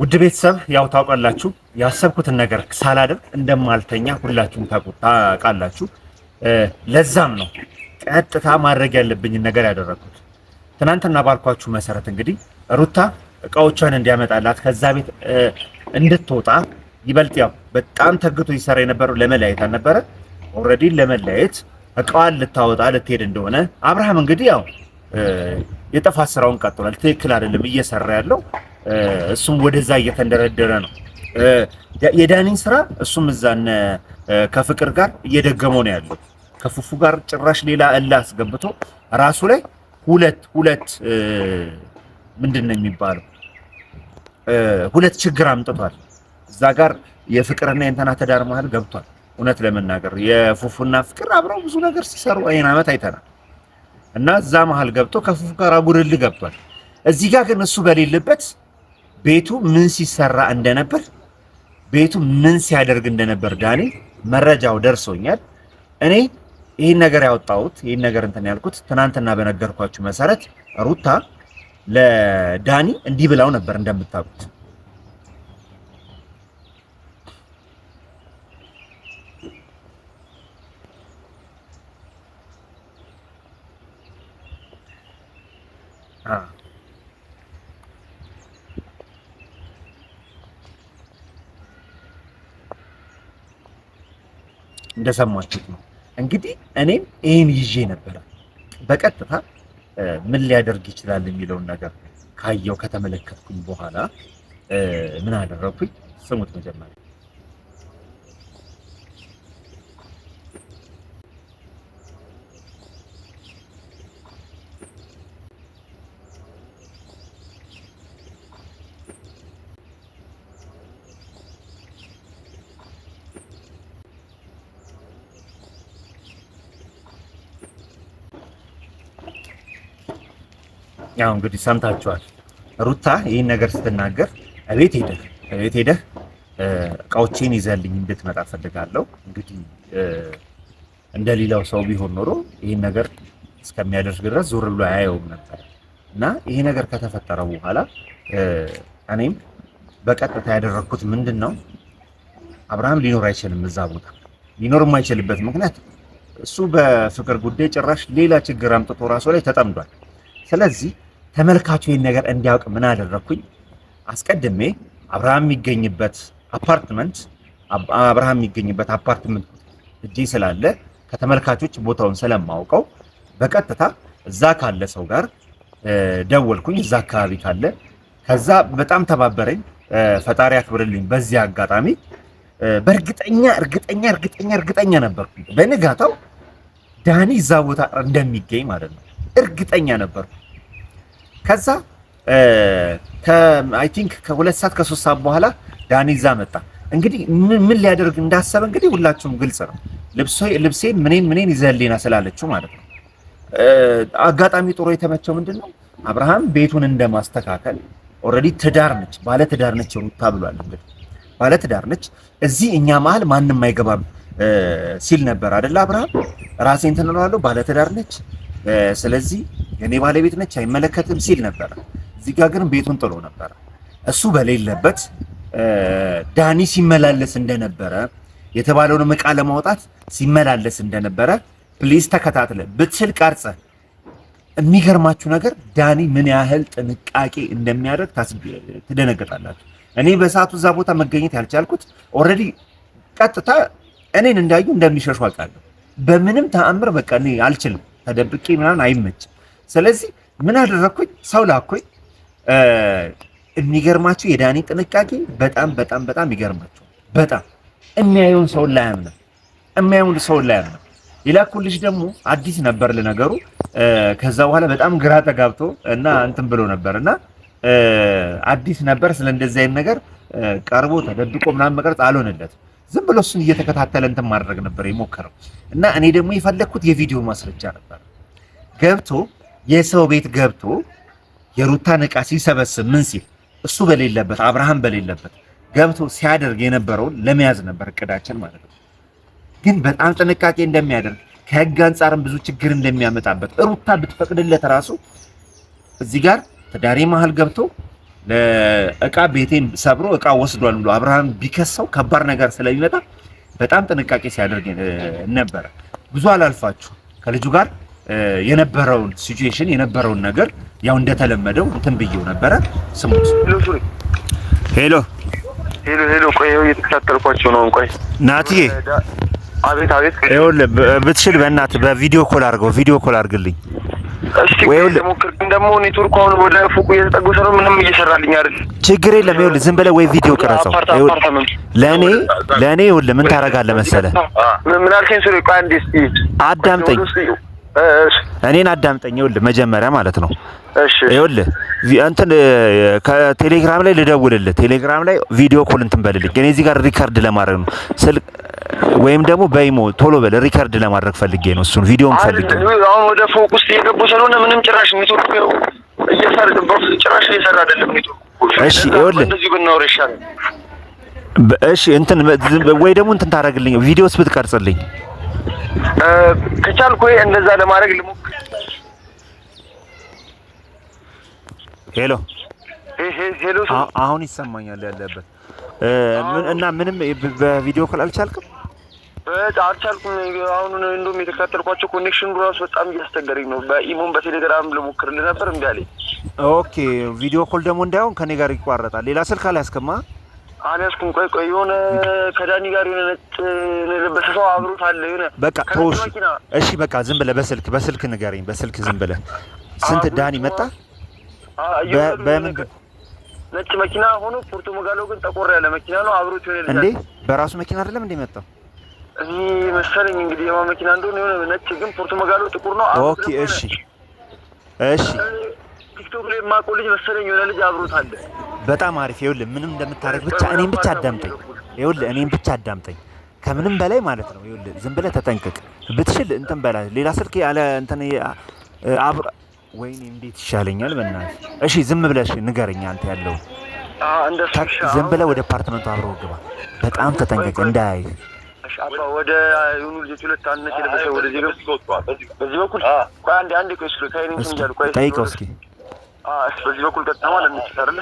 ውድ ቤተሰብ ያው ታውቃላችሁ ያሰብኩትን ነገር ሳላደርግ እንደማልተኛ ሁላችሁም ታውቃላችሁ። ለዛም ነው ቀጥታ ማድረግ ያለብኝን ነገር ያደረግኩት። ትናንትና ባልኳችሁ መሰረት እንግዲህ ሩታ እቃዎቿን እንዲያመጣላት ከዛ ቤት እንድትወጣ ይበልጥ ያው በጣም ተግቶ ይሰራ የነበረው ለመለያየት አልነበረ። ኦልሬዲ ለመለያየት እቃዋን ልታወጣ ልትሄድ እንደሆነ አብርሃም እንግዲህ ያው የጠፋት ስራውን ቀጥሏል። ትክክል አይደለም እየሰራ ያለው እሱም ወደዛ እየተንደረደረ ነው። የዳኒን ስራ እሱም እዛን ከፍቅር ጋር እየደገመው ነው ያለው። ከፉፉ ጋር ጭራሽ ሌላ እላ አስገብቶ ራሱ ላይ ሁለት ሁለት ምንድን ነው የሚባለው ሁለት ችግር አምጥቷል። እዛ ጋር የፍቅርና የእንትና ተዳር መሀል ገብቷል። እውነት ለመናገር የፉፉና ፍቅር አብረው ብዙ ነገር ሲሰሩ አይን አመት አይተናል። እና እዛ መሀል ገብቶ ከፉፉ ጋር አጉድል ገብቷል። እዚህ ጋር ግን እሱ በሌለበት ቤቱ ምን ሲሰራ እንደነበር ቤቱ ምን ሲያደርግ እንደነበር ዳኒ መረጃው ደርሶኛል። እኔ ይህን ነገር ያወጣሁት ይህን ነገር እንትን ያልኩት ትናንትና በነገርኳችሁ መሰረት ሩታ ለዳኒ እንዲህ ብላው ነበር እንደምታውቁት አዎ እንደሰማችሁት ነው። እንግዲህ እኔም ይህን ይዤ ነበረ በቀጥታ ምን ሊያደርግ ይችላል የሚለውን ነገር ካየው ከተመለከትኩኝ በኋላ ምን አደረኩኝ? ስሙት መጀመሪያ ያው እንግዲህ ሰምታችኋል። ሩታ ይህን ነገር ስትናገር እቤት ሄደህ እቤት ሄደህ እቃዎቼን ይዘልኝ እንድትመጣ ፈልጋለሁ። እንግዲህ እንደ ሰው ቢሆን ኖሮ ይህን ነገር እስከሚያደርግ ድረስ ዞር ብሎ አያየውም ነበር እና ይሄ ነገር ከተፈጠረ በኋላ እኔም በቀጥታ ያደረግኩት ምንድን ነው፣ አብርሃም ሊኖር አይችልም እዛ ቦታ። ሊኖር የማይችልበት ምክንያት እሱ በፍቅር ጉዳይ ጭራሽ ሌላ ችግር አምጥቶ ራሱ ላይ ተጠምዷል። ስለዚህ ተመልካቹ ይህን ነገር እንዲያውቅ ምን አደረግኩኝ? አስቀድሜ አብርሃም የሚገኝበት አፓርትመንት አብርሃም የሚገኝበት አፓርትመንት እጄ ስላለ ከተመልካቾች ቦታውን ስለማውቀው በቀጥታ እዛ ካለ ሰው ጋር ደወልኩኝ። እዛ አካባቢ ካለ ከዛ በጣም ተባበረኝ። ፈጣሪ አክብርልኝ። በዚህ አጋጣሚ በእርግጠኛ እርግጠኛ እርግጠኛ እርግጠኛ ነበርኩኝ በንጋታው ዳኒ እዛ ቦታ እንደሚገኝ ማለት ነው። እርግጠኛ ነበርኩ። ከዛ አይ ቲንክ ከሁለት ሰዓት ከሶስት ሰዓት በኋላ ዳኒ ዳኒዛ መጣ። እንግዲህ ምን ሊያደርግ እንዳሰበ እንግዲህ ሁላችሁም ግልጽ ነው። ልብሴን ምኔን ምኔን ይዘህልኝ ና ስላለችው ማለት ነው። አጋጣሚ ጥሩ የተመቸው ምንድን ነው አብርሃም ቤቱን እንደማስተካከል ኦልሬዲ ትዳር ነች፣ ባለ ትዳር ነች ሩታ ብሏል። እንግዲህ ባለ ትዳር ነች፣ እዚህ እኛ መሀል ማንም አይገባም ሲል ነበር አደለ አብርሃም። ራሴን ትንለዋለሁ፣ ባለ ትዳር ነች። ስለዚህ የእኔ ባለቤት ነች አይመለከትም ሲል ነበረ። እዚህ ጋር ግን ቤቱን ጥሎ ነበረ። እሱ በሌለበት ዳኒ ሲመላለስ እንደነበረ የተባለውን እቃ ለማውጣት ሲመላለስ እንደነበረ ፕሊዝ ተከታትለ ብትል ቀርጸ። የሚገርማችሁ ነገር ዳኒ ምን ያህል ጥንቃቄ እንደሚያደርግ ትደነግጣላችሁ። እኔ በሰዓቱ እዛ ቦታ መገኘት ያልቻልኩት ኦልሬዲ ቀጥታ እኔን እንዳዩ እንደሚሸሹ አውቃለሁ። በምንም ተአምር በቃ እኔ አልችልም፣ ተደብቄ ምናምን አይመችም። ስለዚህ ምን አደረግኩኝ? ሰው ላኩኝ። የሚገርማችሁ የዳኒ ጥንቃቄ በጣም በጣም በጣም ይገርማችሁ። በጣም የሚያየውን ሰውን ላይ አምነ የሚያየውን ሰውን ላይ አምነ ደግሞ አዲስ ነበር ለነገሩ። ከዛ በኋላ በጣም ግራ ተጋብቶ እና እንትን ብሎ ነበር እና አዲስ ነበር። ስለ እንደዚህ አይነት ነገር ቀርቦ ተደብቆ ምናምን መቅረጽ አልሆነለትም። ዝም ብሎ እሱን እየተከታተለ እንትን ማድረግ ነበር የሞከረው እና እኔ ደግሞ የፈለግኩት የቪዲዮ ማስረጃ ነበር ገብቶ የሰው ቤት ገብቶ የሩታን እቃ ሲሰበስብ ምን ሲል እሱ በሌለበት አብርሃም በሌለበት ገብቶ ሲያደርግ የነበረውን ለመያዝ ነበር እቅዳችን ማለት ነው። ግን በጣም ጥንቃቄ እንደሚያደርግ ከህግ አንጻርም ብዙ ችግር እንደሚያመጣበት ሩታ ብትፈቅድለት ራሱ እዚህ ጋር ትዳሬ መሀል ገብቶ ለእቃ ቤቴን ሰብሮ እቃ ወስዷል ብሎ አብርሃም ቢከሰው ከባድ ነገር ስለሚመጣ በጣም ጥንቃቄ ሲያደርግ ነበረ። ብዙ አላልፋችሁ ከልጁ ጋር የነበረውን ሲቹዌሽን የነበረውን ነገር ያው እንደተለመደው እንትን ብዬው ነበረ። ስሙ ሄሎ ሄሎ ሄሎ፣ ቆይ እየተከታተልኳቸው ነው። ቆይ ናትዬ። አቤት አቤት። ይኸውልህ ብትችል በእናትህ በቪዲዮ ኮል አድርገው፣ ቪዲዮ ኮል አድርግልኝ። እሺ ሞክር። ደግሞ ኔትወርክ አሁን ወደ ፎቁ እየተጠጉ ነው፣ ምንም እየሰራልኝ አይደል? ችግር የለም። ይኸውልህ ዝም ብለህ ወይ ቪዲዮ ቅረጸው። ለእኔ ለእኔ ይኸውልህ ምን ታደርጋለህ መሰለህ? ምን አልከኝ? ሱሪ ቆይ አንዴ እስኪ አዳምጠኝ እኔን አዳምጠኝ። ይኸውልህ መጀመሪያ ማለት ነው። እሺ ይኸውልህ እንትን ከቴሌግራም ላይ ልደውልልህ፣ ቴሌግራም ላይ ቪዲዮ ኮል እንትን በልልኝ። እኔ እዚህ ጋር ሪከርድ ለማድረግ ነው ስልክ ወይም ደግሞ በይሞ ቶሎ በል ሪከርድ ለማድረግ ፈልጌ ነው። እሱን ቪዲዮም ፈልጌ አሁን ወደ ፎቅ ውስጥ እየገቡ ስለሆነ ምንም ጭራሽ ጭራሽ እየሰራ አይደለም እሺ ይኸውልህ እንደዚህ ብናወራ ይሻላል። እሺ እንትን ወይ ደግሞ እንትን ታደርግልኝ ቪዲዮስ ብትቀርጽልኝ ከቻልኩ እንደዛ ለማድረግ ልሞክር። ሄሎ ሄሎ፣ አሁን ይሰማኛል ያለበት ምን እና ምንም በቪዲዮ ኮል አልቻልክም? አልቻልኩም። አሁን ነው እንደውም የተከታተልኳቸው ኮኔክሽን ራሱ በጣም እያስቸገረኝ ነው። በኢሞን በቴሌግራም ልሞክርልህ ነበር እንዴ አለኝ። ኦኬ ቪዲዮ ኮል ደግሞ እንዳይሆን ከኔ ጋር ይቋረጣል። ሌላ ስልክ አላያስከማ አልያዝኩም። ቆይ ቆይ የሆነ ከዳኒ ጋር የሆነ ነጭ የለበሰ ሰው አብሮት አለ። የሆነ በቃ ተውሽ። እሺ በቃ ዝም ብለህ በስልክ በስልክ ንገረኝ። በስልክ ዝም ብለህ ስንት ዳኒ መጣ በምን ነጭ መኪና ሆኖ ፖርቶ መጋሎ ግን ጠቆር ያለ መኪና ነው። አብሮት የሆነ እንዴ በራሱ መኪና አይደለም እንዴ መጣው እኔ መሰለኝ እንግዲህ የማ መኪና እንደሆነ የሆነ ነጭ ግን ፖርቶ መጋሎ ጥቁር ነው። ኦኬ እሺ እሺ ቲክቶክ ላይ የማውቀው ልጅ መሰለኝ የሆነ ልጅ አብሮታል። በጣም አሪፍ ይኸውልህ፣ ምንም እንደምታደርግ ብቻ እኔም ብቻ አዳምጠኝ። ይኸውልህ እኔም ብቻ አዳምጠኝ፣ ከምንም በላይ ማለት ነው። ይኸውልህ ዝም ብለህ ተጠንቅቅ። ብትችል እንትን በላ ሌላ ስልክ ያለ እንትን አብረ ወይኔ እንዴት ይሻለኛል በእናትህ። እሺ ዝም ብለህ ንገረኝ አንተ ያለው ዝም ብለህ ወደ አፓርትመንቱ አብረው ግባ። በጣም ተጠንቀቅ እንዳያይ ወደ የሆኑ ልጆች ሁለት አንነት የለበሰ ወደዚህ በኩል በዚህ በኩል አንድ አንድ ቆይ ስሎ ታይኔ ስንጃል ቆይ ጠይቀው እስኪ በዚህ በኩል ቀጥታ ማለት የምትሰራለ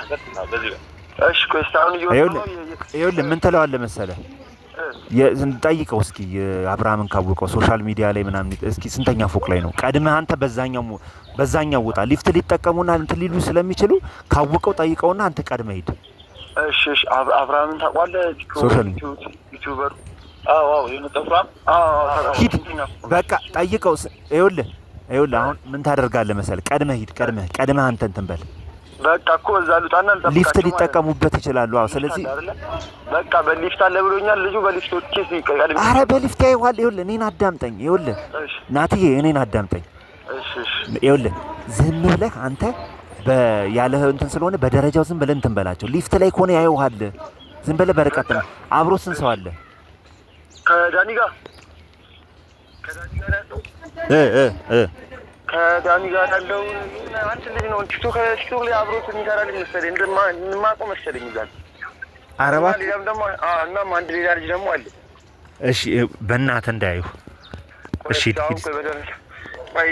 እሺ፣ ቆይ አሁን ይኸውልህ ምን ትለዋለህ መሰለህ ጠይቀው እስኪ አብርሃምን ካወቀው ሶሻል ሚዲያ ላይ ምናምን እስኪ ስንተኛ ፎቅ ላይ ነው ቀድመህ አንተ በዛኛው በዛኛው ቦታ ሊፍት ሊጠቀሙና እንትን ሊሉ ስለሚችሉ ካወቀው ጠይቀውና አንተ ቀድመህ ሂድ። እሺ፣ እሺ። አብርሃምን ታውቀዋለህ? ሶሻል ዩቲዩበር። አዎ፣ አዎ። የመጣው አብርሃም። አዎ፣ ሂድ። በቃ ጠይቀው። ይኸውልህ ይኸውልህ አሁን ምን ታደርጋለህ መሰለህ፣ ቀድመህ ሂድ። ቀድመህ ቀድመህ አንተ እንትን በል በቃ እኮ እዛ ልውጣና ሊፍት ሊጠቀሙበት ይችላሉ። አዎ፣ ስለዚህ በቃ በሊፍት አለ ብሎኛል ልጁ። በሊፍት ወጥቼ ሲቀድም፣ አረ በሊፍት ያይዋል። ይኸውልህ እኔን አዳምጠኝ። ይኸውልህ ናትዬ፣ እኔን አዳምጠኝ። ይኸውልህ ዝም ብለህ አንተ ያለህ እንትን ስለሆነ በደረጃው ዝም ብለህ እንትን በላቸው። ሊፍት ላይ ከሆነ ያይውሃል። ዝም ብለህ በርቀት ነው። አብሮ ስንት ሰው አለ? ከዳኒ ጋር ከዳኒ ጋር ያለው ከዳኒ ጋር ያለው አንተ ልጅ ነው። ቲክቶክ ቲክቶክ ላይ አብሮት የሚሰራ ልጅ መሰለኝ መሰለኝ እናም አንድ ሌላ ልጅ ደግሞ አለ። እሺ በእናትህ እንዳያዩ። እሺ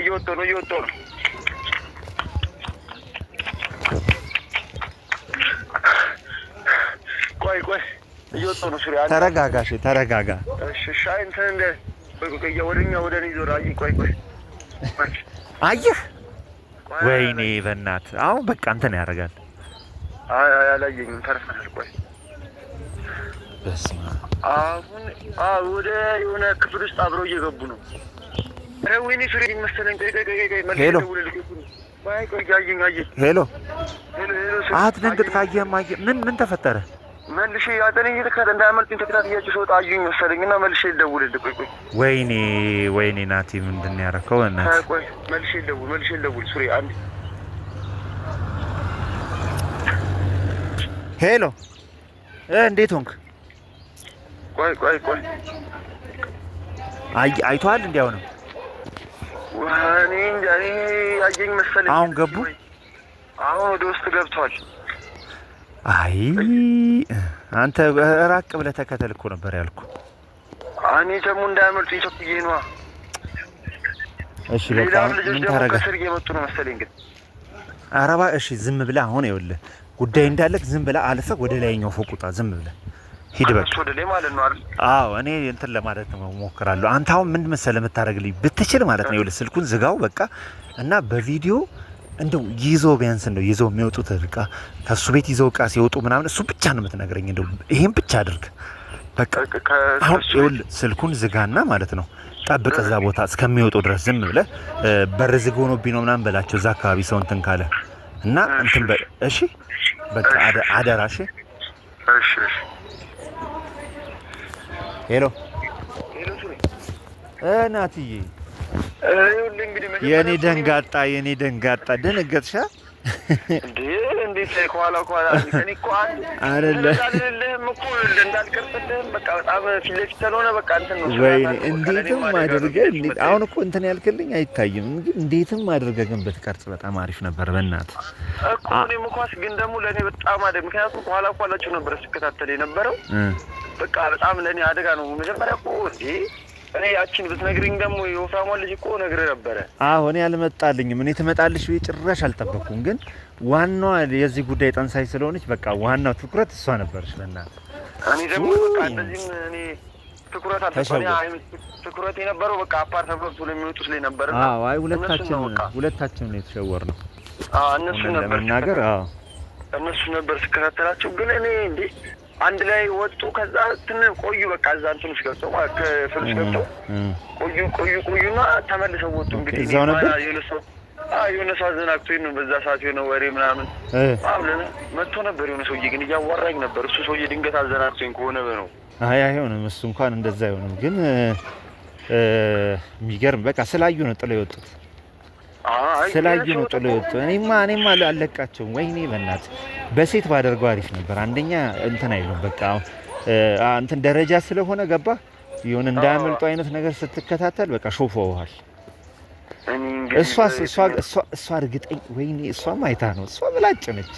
እየወጣሁ ነው እየወጣሁ ነው። ቆይ ቆይ እየወጣሁ ነው። ተረጋጋ ተረጋጋ። እሺ እሺ አይ እንትን እንደ ወደኛ ወደ ዞር። ቆይ ቆይ፣ አየህ፣ ወይኔ አሁን በቃ እንትን ያደርጋል። አይ አይ፣ አላየኝም፣ ተርፈናል። ቆይ በስመ አሁን ወደ የሆነ ክፍል ውስጥ አብረው እየገቡ ነው። ኧረ ወይኔ መሰለኝ። ቆይ ቆይ ቆይ ቆይ፣ ሄሎ ሄሎ፣ አትደንግጥ። ካየህም ምን ምን ተፈጠረ? መልሼ ያጠነኝ ልካት እንዳያመልጥኝ ተከታትያቸው ስወጣ አዩኝ መሰለኝ እና መልሼ ልደውልልህ። ቆይ ቆይ፣ ወይኔ ወይኔ፣ ናቲ ምንድን ነው ያደረከው? እናትህ ቆይ፣ መልሼ ልደውል፣ መልሼ ልደውል። ሱሪ አንድ ሄሎ፣ እንዴት ሆንክ? ቆይ ቆይ ቆይ፣ አይ አይቷል። እንዲያው ነው ወኔ፣ እንጃ እኔ አየኝ መሰለኝ። አሁን ገቡ፣ አሁን ወደ ውስጥ ገብቷል። አይ አንተ ራቅ ብለህ ተከተል እኮ ነበር ያልኩ። እኔ ደግሞ እንዳያመልጡ ኢትዮጵያ ነዋ። እሺ በቃ ምን ታረጋ? ከስር እየመጡ ነው መሰለኝ። ግን አረባ እሺ፣ ዝም ብለህ አሁን ይኸውልህ ጉዳይ እንዳለህ ዝም ብለህ አልፈህ ወደ ላይኛው ፎቅ ውጣ። ዝም ብለህ ሂድ በቃ። ወደ ላይ ማለት ነው አይደል? አዎ፣ እኔ እንትን ለማለት ነው እሞክራለሁ። አንተ አሁን ምን መሰለህ የምታደርግልኝ ብትችል ማለት ነው ይኸውልህ፣ ስልኩን ዝጋው በቃ እና በቪዲዮ እንደው ይዞ ቢያንስ እንደው ይዞ የሚወጡት እቃ ከእሱ ቤት ይዘው እቃ ሲወጡ ምናምን እሱ ብቻ ነው የምትነግረኝ። እንደው ይሄን ብቻ አድርግ በቃ። አሁን ይኸውልህ ስልኩን ዝጋና ማለት ነው ጠብቅ፣ እዛ ቦታ እስከሚወጡ ድረስ ዝም ብለህ በር ዝግ ሆኖብኝ ነው ምናምን በላቸው። እዛ አካባቢ ሰው እንትን ካለ እና እንትን በል እሺ፣ በቃ አደራ። እሺ፣ ሄሎ እናትዬ የኔ ደንጋጣ የኔ ደንጋጣ ደነገጥሻ እንዴትም አድርገ አሁን እኮ እንትን ያልክልኝ አይታይም። እንዴትም አድርገ ግን ብትቀርጽ በጣም አሪፍ ነበር። በእናት እኔም ኳስ ግን ደግሞ ለእኔ በጣም አደ ምክንያቱም ኋላ ኋላችሁ ነበረ ስከታተል የነበረው በቃ በጣም ለእኔ አደጋ ነው። መጀመሪያ እኮ እንዴ እኔ ያቺን ብትነግርኝ ደግሞ የወፍራሟ ልጅ እኮ ነግሬ ነበረ። አሁን እኔ አልመጣልኝም። እኔ ትመጣልሽ ብዬ ጭራሽ አልጠበኩም። ግን ዋናዋ የዚህ ጉዳይ ጠንሳይ ስለሆነች በቃ ዋናው ትኩረት እሷ ነበረች። በእናትህ እኔ ደግሞ በቃ እንደዚህም እኔ ትኩረት አልተሰጠኝም። ትኩረት የነበረው በቃ አፓርታመንቱ ለሚወጡት ላይ ነበር። አዎ አይ ሁለታችን ሁለታችን ነው የተሸወርነው። አዎ እነሱ ነበር ለመናገር። አዎ እነሱ ነበር ስከታተላቸው። ግን እኔ እንዴ አንድ ላይ ወጡ። ከዛ ትን ቆዩ። በቃ እዛ እንትኑሽ ገብተው ክፍሉሽ ገብተው ቆዩ ቆዩ ቆዩና ተመልሰው ወጡ። እንግዲህ የሆነ ሰው አዘናግቶ ነው በዛ ሰዓት የሆነ ወሬ ምናምን ምናምን መጥቶ ነበር። የሆነ ሰውዬ ግን እያዋራኝ ነበር። እሱ ሰውዬ ድንገት አዘናግቶኝ ከሆነ ነው። አይ አይሆንም፣ እሱ እንኳን እንደዛ አይሆንም። ግን የሚገርም በቃ ስላዩ ነው ጥለው የወጡት ስላዩ ነው ጥሎ የወጡ። እኔማ እኔማ አለቃቸውም። ወይኔ በእናት በሴት ባደርገው አሪፍ ነበር። አንደኛ እንትን አይሉም በቃ እንትን ደረጃ ስለሆነ ገባ ይሁን እንዳያመልጡ አይነት ነገር ስትከታተል በቃ ሾፎ ውሃል። እሷ እርግጠኝ ወይኔ እሷ አይታ ነው። እሷ ምላጭ ነች፣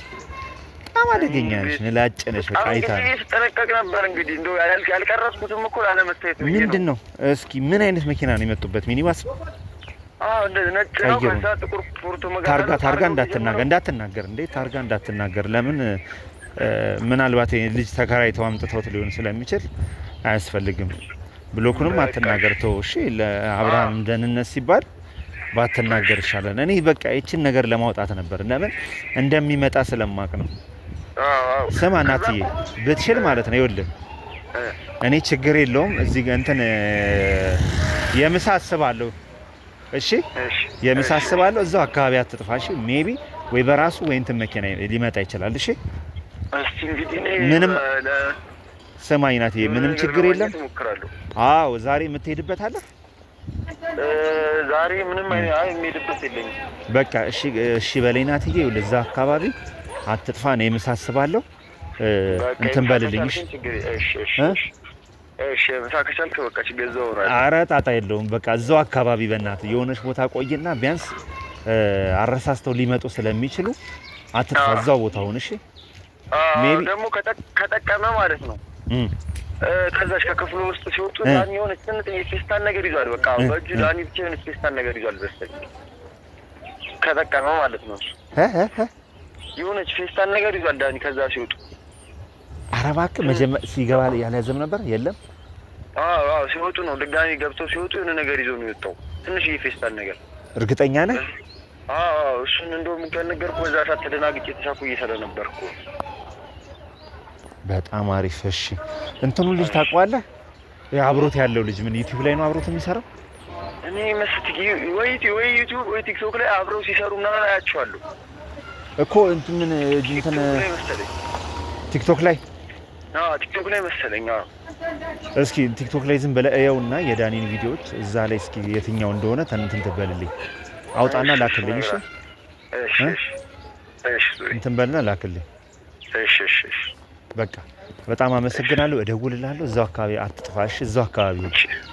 በጣም አደገኛ ነች፣ ምላጭ ነች። በቃ አይታ ነው። ምንድን ነው እስኪ ምን አይነት መኪና ነው የመጡበት? ሚኒባስ ነው ታርጋ ታርጋ እንዳትናገር እንዳትናገር እንዴ ታርጋ እንዳትናገር። ለምን ምናልባት ልጅ ተከራይ ተዋምጥተውት ሊሆን ስለሚችል አያስፈልግም። ብሎኩንም አትናገር ተው። እሺ ለአብርሃም ደህንነት ሲባል ባትናገር ይሻላል። እኔ በቃ ይችን ነገር ለማውጣት ነበር። ለምን እንደሚመጣ ስለማቅ ነው። ስማ አናትዬ ብትችል ማለት ነው ይኸውልህ እኔ ችግር የለውም እዚህ እንትን የምሳ አስባለሁ እሺ የምሳስባለሁ አስባለሁ። እዛው አካባቢ አትጥፋ። እሺ ሜቢ ወይ በራሱ ወይ እንትን መኪና ሊመጣ ይችላል። እሺ ምንም ስማኝ ናት። ምንም ችግር የለም። አዎ ዛሬ የምትሄድበት አለ? ዛሬ ምንም አይ የምሄድበት የለኝም። በቃ እሺ፣ እሺ በለኝ ናትዬ። ለዛ አካባቢ አትጥፋ ነው የምሳስባለሁ። አስባለሁ። እንትን በልልኝ። እሺ እሺ እሺ ምሳ ጣጣ የለውም። በቃ እዛው አካባቢ በእናትህ የሆነች ቦታ ቆይና ቢያንስ አረሳስተው ሊመጡ ስለሚችሉ አትጥፋ፣ እዛው ቦታ ሁን። እሺ ደግሞ ከጠቀመ ማለት ነው። ከዛሽ ከክፍሉ ውስጥ ሲወጡ ዳኒ የሆነች ፌስታል ነገር ይዟል። በቃ በእጁ ዳኒ ብቻ የሆነች ፌስታል ነገር ይዟል። በስተቀኝ ከጠቀመ ማለት ነው። የሆነች ፌስታል ነገር ይዟል ዳኒ ከዛ ሲወጡ ኧረ እባክህ ሲገባ ያልያዘም ነበር የለም ሲወጡ ነው ድጋሚ ገብተው ሲወጡ የሆነ ነገር ይዞ ነው የወጣው ትንሽ ፌስታል ነገር እርግጠኛ ነህ እሱን እንደውም ከነገርኩህ በዛ ሰዓት ተደናግጬ የተሳኩ እየሰራ ነበር እኮ በጣም አሪፍ እሺ እንትኑ ልጅ ታውቀዋለህ አብሮት ያለው ልጅ ምን ዩቲዩብ ላይ ነው አብሮት የሚሰራው እኔ መስት ወይ ወይ ዩቲዩብ ወይ ቲክቶክ ላይ አብረው ሲሰሩ ምናምን አያቸዋለሁ እኮ እንትን ምን እንትን ቲክቶክ ላይ ቲክቶክ ላይ መሰለኝ። እስኪ ቲክቶክ ላይ ዝም ብለህ እየው እና የዳኒን ቪዲዮዎች እዛ ላይ እስኪ የትኛው እንደሆነ እንትን ትበልልኝ አውጣና ላክልኝ። እሺ እንትን በልና ላክልኝ። በቃ በጣም አመሰግናለሁ። እደውልልሃለሁ። እዛው አካባቢ አትጥፋ እሺ። እዛው አካባቢ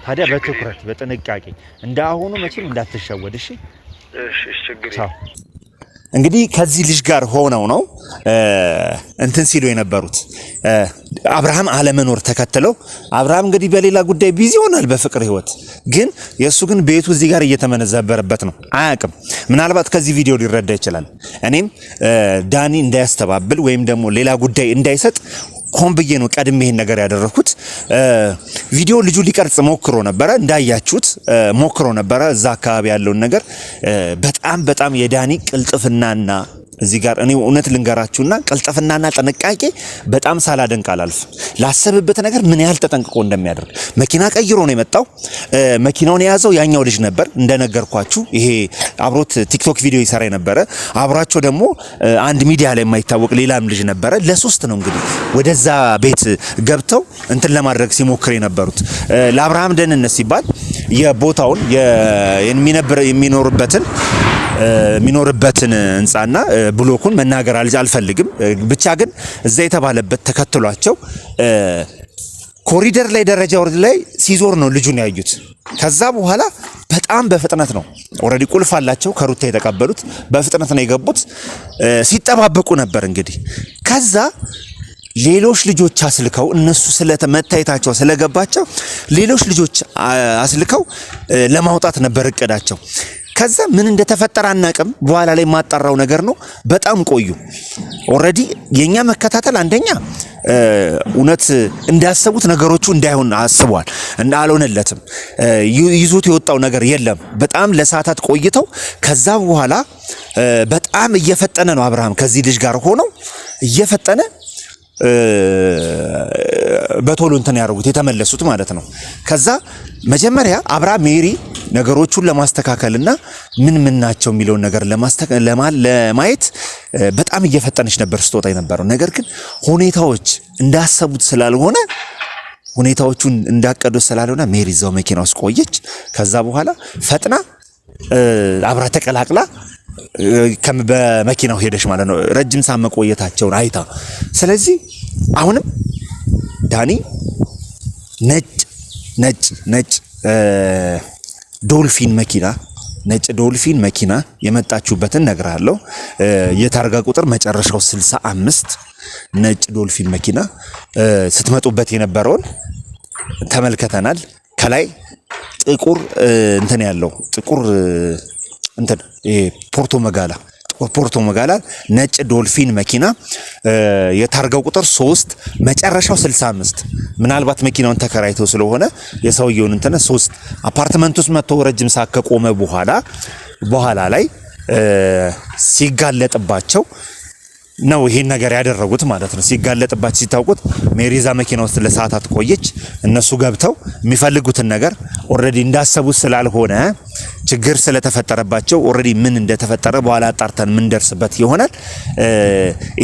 ታዲያ በትኩረት በጥንቃቄ እንደ አሁኑ መቼም እንዳትሸወድ እሺ። እሺ፣ እሺ፣ እንግዲህ ከዚህ ልጅ ጋር ሆነው ነው እንትን ሲሉ የነበሩት አብርሃም አለመኖር ተከትለው። አብርሃም እንግዲህ በሌላ ጉዳይ ቢዚ ይሆናል በፍቅር ህይወት፣ ግን የእሱ ግን ቤቱ እዚህ ጋር እየተመነዘበረበት ነው። አያውቅም። ምናልባት ከዚህ ቪዲዮ ሊረዳ ይችላል። እኔም ዳኒ እንዳያስተባብል ወይም ደግሞ ሌላ ጉዳይ እንዳይሰጥ ሆን ብዬ ነው ቀድሜ ይሄን ነገር ያደረኩት። ቪዲዮ ልጁ ሊቀርጽ ሞክሮ ነበረ፣ እንዳያችሁት ሞክሮ ነበረ። እዛ አካባቢ ያለውን ነገር በጣም በጣም የዳኒ ቅልጥፍናና እዚህ ጋር እኔ እውነት ልንገራችሁና ቀልጠፍናና ጥንቃቄ በጣም ሳላደንቅ አላልፍ ላሰብበት ነገር ምን ያህል ተጠንቅቆ እንደሚያደርግ መኪና ቀይሮ ነው የመጣው። መኪናውን የያዘው ያኛው ልጅ ነበር እንደነገርኳችሁ። ይሄ አብሮት ቲክቶክ ቪዲዮ ይሰራ የነበረ አብሯቸው ደግሞ አንድ ሚዲያ ላይ የማይታወቅ ሌላም ልጅ ነበረ። ለሶስት ነው እንግዲህ ወደዛ ቤት ገብተው እንትን ለማድረግ ሲሞክር የነበሩት ለአብርሃም ደህንነት ሲባል የቦታውን የሚኖርበትን የሚኖርበትን ህንፃና ብሎኩን መናገር አልፈልግም። ብቻ ግን እዛ የተባለበት ተከትሏቸው ኮሪደር ላይ ደረጃ ወርድ ላይ ሲዞር ነው ልጁን ያዩት። ከዛ በኋላ በጣም በፍጥነት ነው ኦልሬዲ ቁልፍ አላቸው ከሩታ የተቀበሉት በፍጥነት ነው የገቡት። ሲጠባበቁ ነበር እንግዲህ ከዛ ሌሎች ልጆች አስልከው እነሱ ስለመታየታቸው ስለገባቸው ሌሎች ልጆች አስልከው ለማውጣት ነበር እቅዳቸው። ከዛ ምን እንደተፈጠረ አናቅም። በኋላ ላይ የማጣራው ነገር ነው። በጣም ቆዩ። ኦልሬዲ የኛ መከታተል አንደኛ እውነት እንዳሰቡት ነገሮቹ እንዳይሆን አስቧል አልሆነለትም። ይዞት የወጣው ነገር የለም። በጣም ለሰዓታት ቆይተው ከዛ በኋላ በጣም እየፈጠነ ነው አብርሃም ከዚህ ልጅ ጋር ሆነው እየፈጠነ በቶሎ እንትን ያደርጉት የተመለሱት ማለት ነው። ከዛ መጀመሪያ አብራ ሜሪ ነገሮቹን ለማስተካከልና ምን ምን ናቸው የሚለውን ነገር ለማየት በጣም እየፈጠነች ነበር ስትወጣ የነበረው። ነገር ግን ሁኔታዎች እንዳሰቡት ስላልሆነ ሁኔታዎቹን እንዳቀዱት ስላልሆነ ሜሪ እዛው መኪና ውስጥ ቆየች። ከዛ በኋላ ፈጥና አብራ ተቀላቅላ በመኪናው ሄደሽ ማለት ነው ረጅም ሰዓት መቆየታቸውን አይታ። ስለዚህ አሁንም ዳኒ ነጭ ነጭ ነጭ ዶልፊን መኪና ነጭ ዶልፊን መኪና የመጣችሁበትን እነግርሃለሁ። የታርጋ ቁጥር መጨረሻው ስልሳ አምስት ነጭ ዶልፊን መኪና ስትመጡበት የነበረውን ተመልከተናል። ከላይ ጥቁር እንትን ያለው ጥቁር እንትን ፖርቶ መጋላ ፖርቶ መጋላ ነጭ ዶልፊን መኪና የታርጋው ቁጥር ሶስት መጨረሻው 65 ምናልባት መኪናውን ተከራይቶ ስለሆነ የሰውየውን እንትን ሶስት አፓርትመንት ውስጥ መጥቶ ረጅም ሰዓት ከቆመ በኋላ በኋላ ላይ ሲጋለጥባቸው ነው ይሄን ነገር ያደረጉት ማለት ነው። ሲጋለጥባቸው ሲታውቁት ሜሪዛ መኪና ውስጥ ለሰዓታት ቆየች። እነሱ ገብተው የሚፈልጉትን ነገር ኦልሬዲ እንዳሰቡት ስላልሆነ ችግር ስለተፈጠረባቸው ኦልሬዲ ምን እንደተፈጠረ በኋላ አጣርተን ምንደርስበት ይሆናል።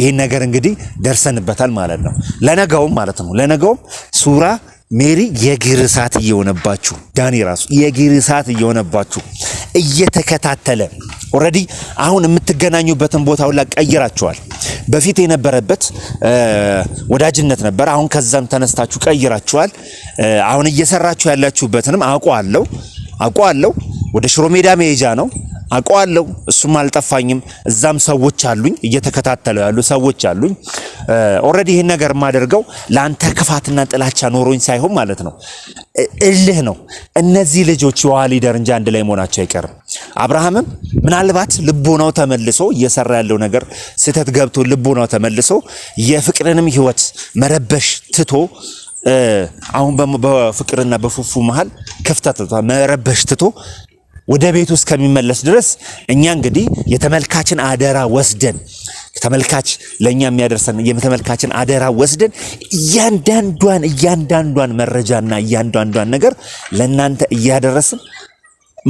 ይሄን ነገር እንግዲህ ደርሰንበታል ማለት ነው። ለነገውም ማለት ነው ለነገውም ሱራ ሜሪ የግር እሳት እየሆነባችሁ ዳኒ ራሱ የግር እሳት እየሆነባችሁ እየተከታተለ ኦልሬዲ አሁን የምትገናኙበትን ቦታ ሁላ ቀይራችኋል። በፊት የነበረበት ወዳጅነት ነበር። አሁን ከዛም ተነስታችሁ ቀይራችኋል። አሁን እየሰራችሁ ያላችሁበትንም አውቀዋለሁ። አውቀዋለሁ። ወደ ሽሮ ሜዳ መሄጃ ነው አውቀዋለሁ። እሱም አልጠፋኝም። እዛም ሰዎች አሉኝ፣ እየተከታተለው ያሉ ሰዎች አሉኝ። ኦልሬዲ ይህን ነገር የማደርገው ለአንተ ክፋትና ጥላቻ ኖሮኝ ሳይሆን ማለት ነው፣ እልህ ነው። እነዚህ ልጆች የውሃ ሊደር እንጂ አንድ ላይ መሆናቸው አይቀርም። አብርሃምም ምናልባት ልቦናው ተመልሶ እየሰራ ያለው ነገር ስህተት ገብቶ ልቦናው ተመልሶ የፍቅርንም ህይወት መረበሽ ትቶ አሁን በፍቅርና በፉፉ መሃል ክፍተት መረበሽ ትቶ ወደ ቤቱ እስከሚመለስ ድረስ እኛ እንግዲህ የተመልካችን አደራ ወስደን ተመልካች ለእኛ የሚያደርሰን የተመልካችን አደራ ወስደን እያንዳንዷን እያንዳንዷን መረጃና እያንዳንዷን ነገር ለእናንተ እያደረስን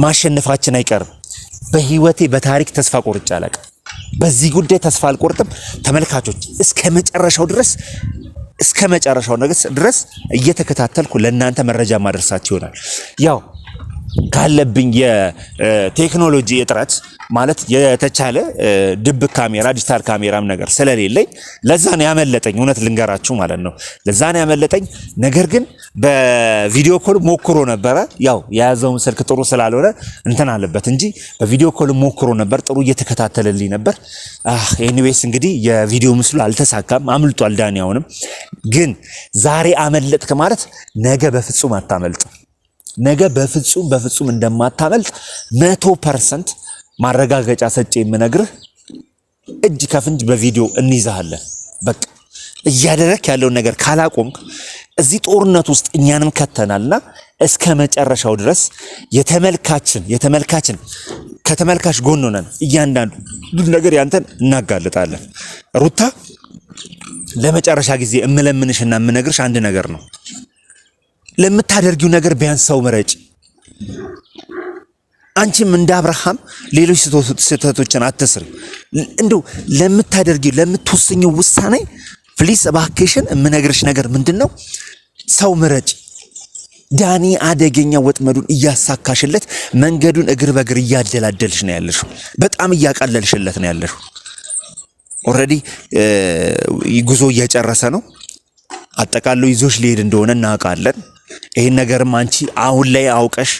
ማሸነፋችን አይቀርም። በህይወቴ በታሪክ ተስፋ ቆርጬ በዚህ ጉዳይ ተስፋ አልቆርጥም። ተመልካቾች እስከ መጨረሻው ድረስ እስከ መጨረሻው ነገስ ድረስ እየተከታተልኩ ለእናንተ መረጃ ማደርሳችሁ ይሆናል ያው ካለብኝ የቴክኖሎጂ እጥረት ማለት የተቻለ ድብቅ ካሜራ ዲጂታል ካሜራም ነገር ስለሌለኝ ለዛን ያመለጠኝ። እውነት ልንገራችሁ ማለት ነው ለዛን ያመለጠኝ። ነገር ግን በቪዲዮ ኮል ሞክሮ ነበረ። ያው የያዘውን ስልክ ጥሩ ስላልሆነ እንትን አለበት እንጂ በቪዲዮ ኮል ሞክሮ ነበር። ጥሩ እየተከታተለልኝ ነበር። ኤኒዌይስ እንግዲህ የቪዲዮ ምስሉ አልተሳካም፣ አምልጧል። ዳኒ አሁንም ግን ዛሬ አመለጥክ ማለት ነገ በፍጹም አታመልጥም። ነገ በፍጹም በፍጹም እንደማታመልጥ መቶ ፐርሰንት ማረጋገጫ ሰጪ የምነግርህ እጅ ከፍንጅ በቪዲዮ እንይዛሃለን። በቃ እያደረክ ያለውን ነገር ካላቆምክ እዚህ ጦርነት ውስጥ እኛንም ከተናልና እስከ መጨረሻው ድረስ የተመልካችን የተመልካችን ከተመልካች ጎን ሆነን እያንዳንዱ ነገር ያንተን እናጋልጣለን። ሩታ ለመጨረሻ ጊዜ እምለምንሽና እምነግርሽ አንድ ነገር ነው። ለምታደርጊው ነገር ቢያንስ ሰው ምረጭ። አንቺም እንደ አብርሃም ሌሎች ስህተቶችን አትስሪ። እንደው ለምታደርጊው ለምትወስኝው ውሳኔ ፕሊስ እባክሽን የምነግርሽ ነገር ምንድን ነው? ሰው ምረጭ። ዳኒ አደገኛ ወጥመዱን እያሳካሽለት መንገዱን እግር በእግር እያደላደልሽ ነው ያለሽ። በጣም እያቀለልሽለት ነው ያለሽ። ኦልሬዲ ጉዞ እየጨረሰ ነው። አጠቃሎ ይዞሽ ሊሄድ እንደሆነ እናውቃለን። ይሄን ነገርም አንቺ አሁን ላይ አውቀሽ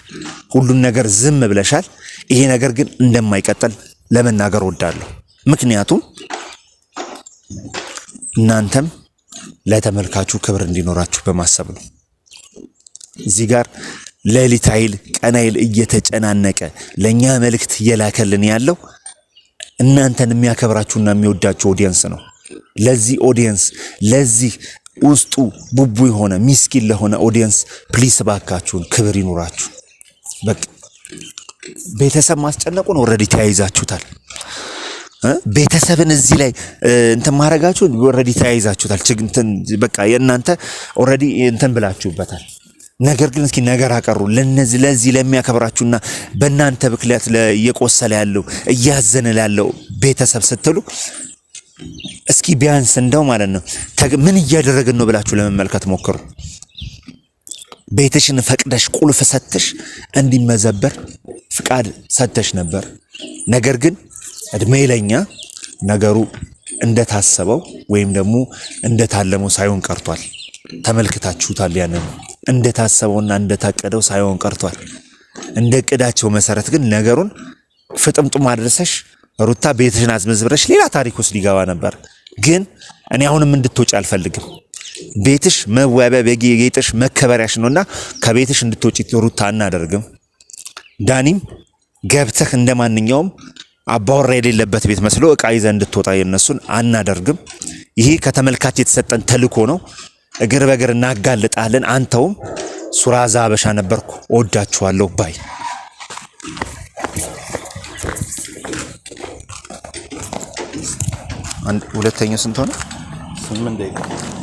ሁሉን ነገር ዝም ብለሻል። ይሄ ነገር ግን እንደማይቀጥል ለመናገር ወዳለሁ። ምክንያቱም እናንተም ለተመልካቹ ክብር እንዲኖራችሁ በማሰብ ነው። እዚህ ጋር ሌሊት ኃይል ቀን ኃይል እየተጨናነቀ ለእኛ መልእክት እየላከልን ያለው እናንተን የሚያከብራችሁና የሚወዳችሁ ኦዲየንስ ነው። ለዚህ ኦዲየንስ ለዚህ ውስጡ ቡቡ የሆነ ሚስኪን ለሆነ ኦዲየንስ ፕሊስ ባካችሁን ክብር ይኑራችሁ። በቃ ቤተሰብ ማስጨነቁን ወረዲ ተያይዛችሁታል። ቤተሰብን እዚህ ላይ እንትን ማድረጋችሁን ወረዲ ተያይዛችሁታል። በቃ የእናንተ ኦረዲ እንትን ብላችሁበታል። ነገር ግን እስኪ ነገር አቀሩ ለነዚህ ለዚህ ለሚያከብራችሁና በእናንተ ብክለት እየቆሰለ ያለው እያዘነ ላለው ቤተሰብ ስትሉ እስኪ ቢያንስ እንደው ማለት ነው ምን እያደረግን ነው ብላችሁ ለመመልከት ሞክሩ። ቤትሽን ፈቅደሽ ቁልፍ ሰተሽ እንዲመዘበር ፍቃድ ሰተሽ ነበር። ነገር ግን እድሜ ለኛ ነገሩ እንደታሰበው ወይም ደግሞ እንደታለመው ሳይሆን ቀርቷል። ተመልክታችሁታል። ያንን እንደታሰበውና እንደታቀደው ሳይሆን ቀርቷል። እንደ እቅዳቸው መሰረት ግን ነገሩን ፍጥምጡ ማድረሰሽ ሩታ ቤትሽን አዝመዝብረሽ ሌላ ታሪክ ውስጥ ሊገባ ነበር። ግን እኔ አሁንም እንድትወጪ አልፈልግም። ቤትሽ መዋቢያ በጌጥሽ መከበሪያሽ ነውና ከቤትሽ እንድትወጪ ሩታ አናደርግም። ዳኒም ገብተህ እንደ ማንኛውም አባወራ የሌለበት ቤት መስሎ እቃ ይዘ እንድትወጣ የነሱን አናደርግም። ይሄ ከተመልካች የተሰጠን ተልኮ ነው። እግር በእግር እናጋልጣለን። አንተውም ሱራዛ አበሻ ነበርኩ። ወዳችኋለሁ ባይ ሁለተኛው ስንት ሆነ? ስምንት ደቂቃ